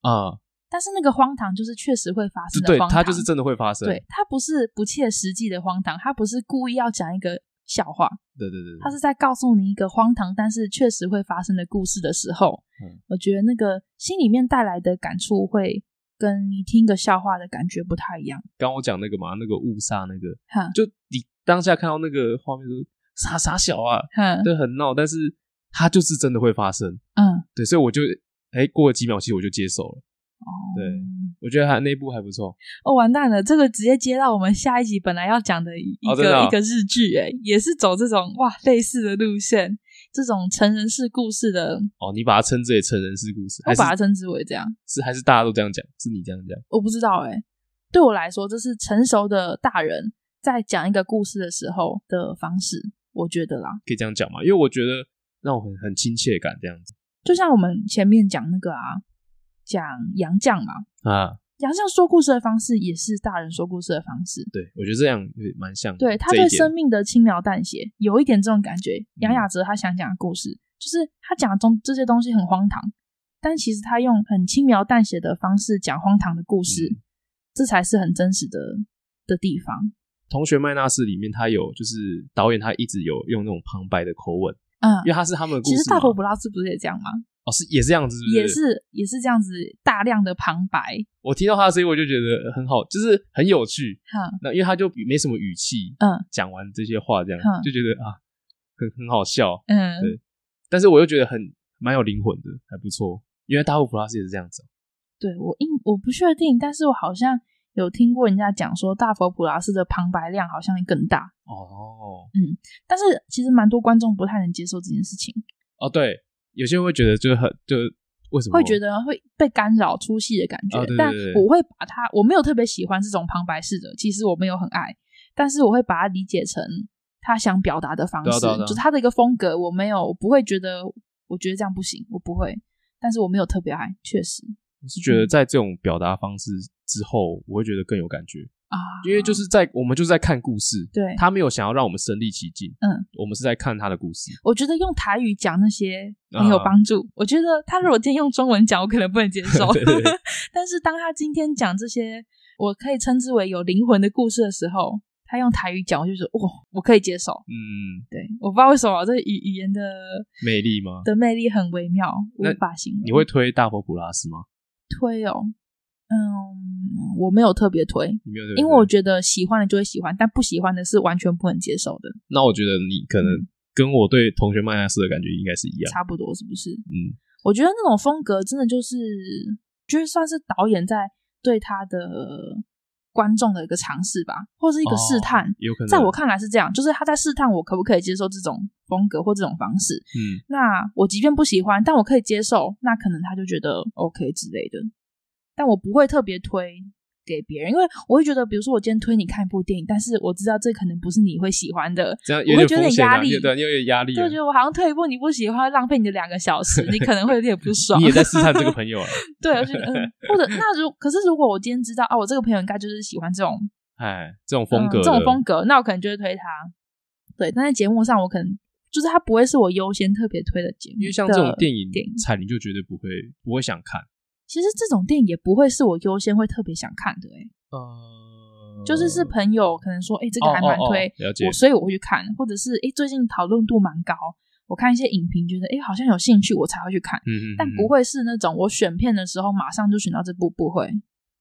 啊，但是那個荒唐就是確實會發生的。對，他就是真的會發生。對，他不是不切實際的荒唐，他不是故意要講一個笑話，對對對，他是在告訴你一個荒唐但是確實會發生的故事的時候，嗯、我覺得那個心裡面帶來的感觸會跟你聽個笑話的感覺不太一樣。剛我講那個嘛，那個誤殺那個，嗯、就你當下看到那個畫面都傻傻笑啊，對、嗯，很鬧，但是他就是真的會發生，嗯，對，所以我就，哎、欸，過了幾秒其實我就接受了，嗯、對。我覺得它內部還不錯。哦，完蛋了，這個直接接到我們下一集本來要講的一個、哦，真的哦？一個日劇，哎，也是走這種哇類似的路線，這種成人式故事的。哦，你把它稱之為成人式故事，我把它稱之為這樣，還是還是大家都這樣講？是你這樣講？我不知道哎。對我來說，這是成熟的大人在講一個故事的時候的方式，我覺得啦，可以這樣講嗎？因為我覺得讓我很很親切感這樣子。就像我們前面講那個啊。講楊絳嘛，啊，楊絳說故事的方式也是大人說故事的方式。對，我覺得這樣蠻像對。對，他對生命的輕描淡寫，一有一點這種感覺。楊雅喆他想講的故事，嗯、就是他講的這些東西很荒唐，但其實他用很輕描淡寫的方式講荒唐的故事，嗯、這才是很真實的的地方。同學麥娜絲裡面，他有就是導演，他一直有用那種旁白的口吻，嗯，因為他是他們的故事。其實大佛普拉斯不是也這樣嗎？是、哦、也是這樣子，是是，也是也是這樣子，大量的旁白。我聽到他的聲音，我就覺得很好，就是很有趣。那、嗯、因為他就沒什麼語氣，嗯，講完這些話，這樣、嗯、就覺得啊，很很好笑。嗯，對。但是我又覺得很蠻有靈魂的，還不錯。因為大佛普拉斯也是這樣子。對，我因我不確定，但是我好像有聽過人家講說，大佛普拉斯的旁白量好像也更大。哦，嗯。但是其實蠻多觀眾不太能接受這件事情。哦，對。有些人會覺得就是很就為什麼會覺得會被干擾出戲的感覺，哦、對對對，但我會把它，我沒有特別喜歡這種旁白式的，其實我沒有很愛，但是我會把它理解成他想表達的方式，啊啊啊、就是他的一個風格，我沒有我不會覺得，我覺得這樣不行，我不會，但是我沒有特別愛，確實，我是覺得在這種表達方式。之後我會覺得更有感覺啊，因為就是在我們就是在看故事，對，他沒有想要讓我們身歷其境，嗯，我們是在看他的故事。我覺得用台語講那些很有幫助。我覺得他如果今天用中文講，我可能不能接受。但是當他今天講這些，我可以稱之為有靈魂的故事的時候，他用台語講，我就說哇，我可以接受。嗯，對，我不知道為什麼這語語言的魅力嗎？的魅力很微妙，無法形容。你會推大佛普拉斯嗎？推哦。嗯，我沒有特別推、推，因為我覺得喜歡的就會喜歡，但不喜歡的是完全不能接受的。那我覺得你可能跟我對同學麥亞斯的感覺應該是一樣，嗯，差不多是不是？嗯，我覺得那種風格真的就是，就是算是導演在對他的觀眾的一個嘗試吧，或是一個試探。哦，有可能在我看來是這樣，就是他在試探我可不可以接受這種風格或這種方式。嗯，那我即便不喜歡，但我可以接受，那可能他就覺得 OK 之類的。但我不會特別推給別人，因為我會覺得，比如說我今天推你看一部電影，但是我知道這可能不是你會喜歡的，這樣啊，我會覺得有點壓力。對，你有點壓力對。就覺得我好像推一部你不喜歡，浪費你的兩個小時，你可能會有點不爽。 你也在試探這個朋友啊？ 對，而且嗯， 或者那如，可是如果我今天知道啊，我這個朋友應該就是喜歡這種，哎，這種風格，嗯，這種風格，那我可能就會推他。對，但在節目上，我可能就是他不會是我優先特別推的節目的，因為像這種電影，菜你就絕對不會不會想看。其實這種電影也不會是我優先會特別想看的哎，就是是朋友可能說哎、欸、這個還蠻推，哦哦哦了解，所以我會去看，或者是哎、欸、最近討論度蠻高，我看一些影評覺得哎、欸、好像有興趣，我才會去看，嗯、嗯、嗯，但不會是那種我選片的時候馬上就選到這部不會，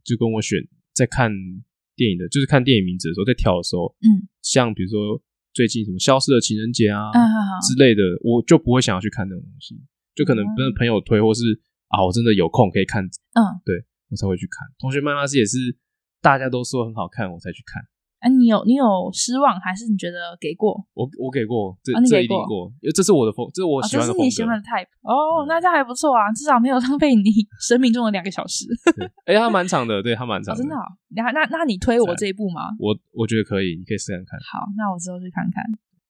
就跟我選在看電影的，就是看電影名字的時候在挑的時候，嗯，像比如說最近什麼消失的情人節啊、嗯、好好之類的，我就不會想要去看那種東西，就可能跟朋友推、嗯、或是。啊，我真的有空可以看，嗯，對我才會去看。同學們，那些也是大家都說很好看，我才去看。哎，啊、你有你有失望還是你覺得給過？我，我給過，這、啊、你給過這一定過，這是我的風，這是我喜歡的風、哦。這是你喜歡的 type 哦，那這還不錯啊，至少沒有浪費你生命中的兩個小時。哎、 欸，他蠻長的，對他蠻長的、哦。真的、哦，那那那你推我這一部嗎？我我覺得可以，你可以試看看。好，那我之後去看看。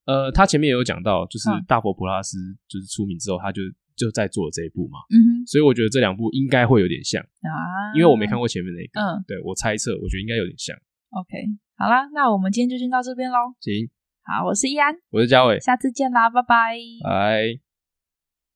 呃，他前面也有講到，就是大佛普拉斯、嗯、就是出名之後，他就。就在做這一步嘛，嗯哼，所以我覺得這兩部應該會有點像啊，因為我沒看過前面那一個，嗯，對，我猜測，我覺得應該有點像。OK，好啦，那我們今天就先到這邊嘍。行，好，我是易安，我是嘉偉，下次見啦，拜拜，拜。